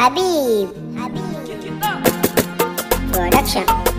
Habib. Habib. Production.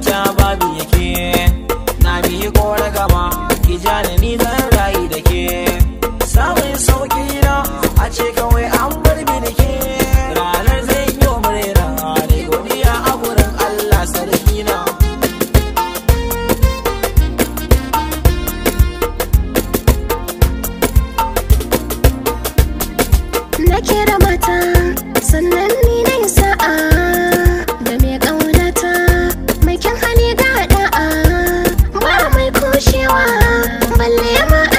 ta babu yake na biyi kora gama ki ja da ni zan rayu da ke samun sauki na a ce kawai an bar da ke ranar zai yi murera da godiya a gurin Allah sarki na Nake da balle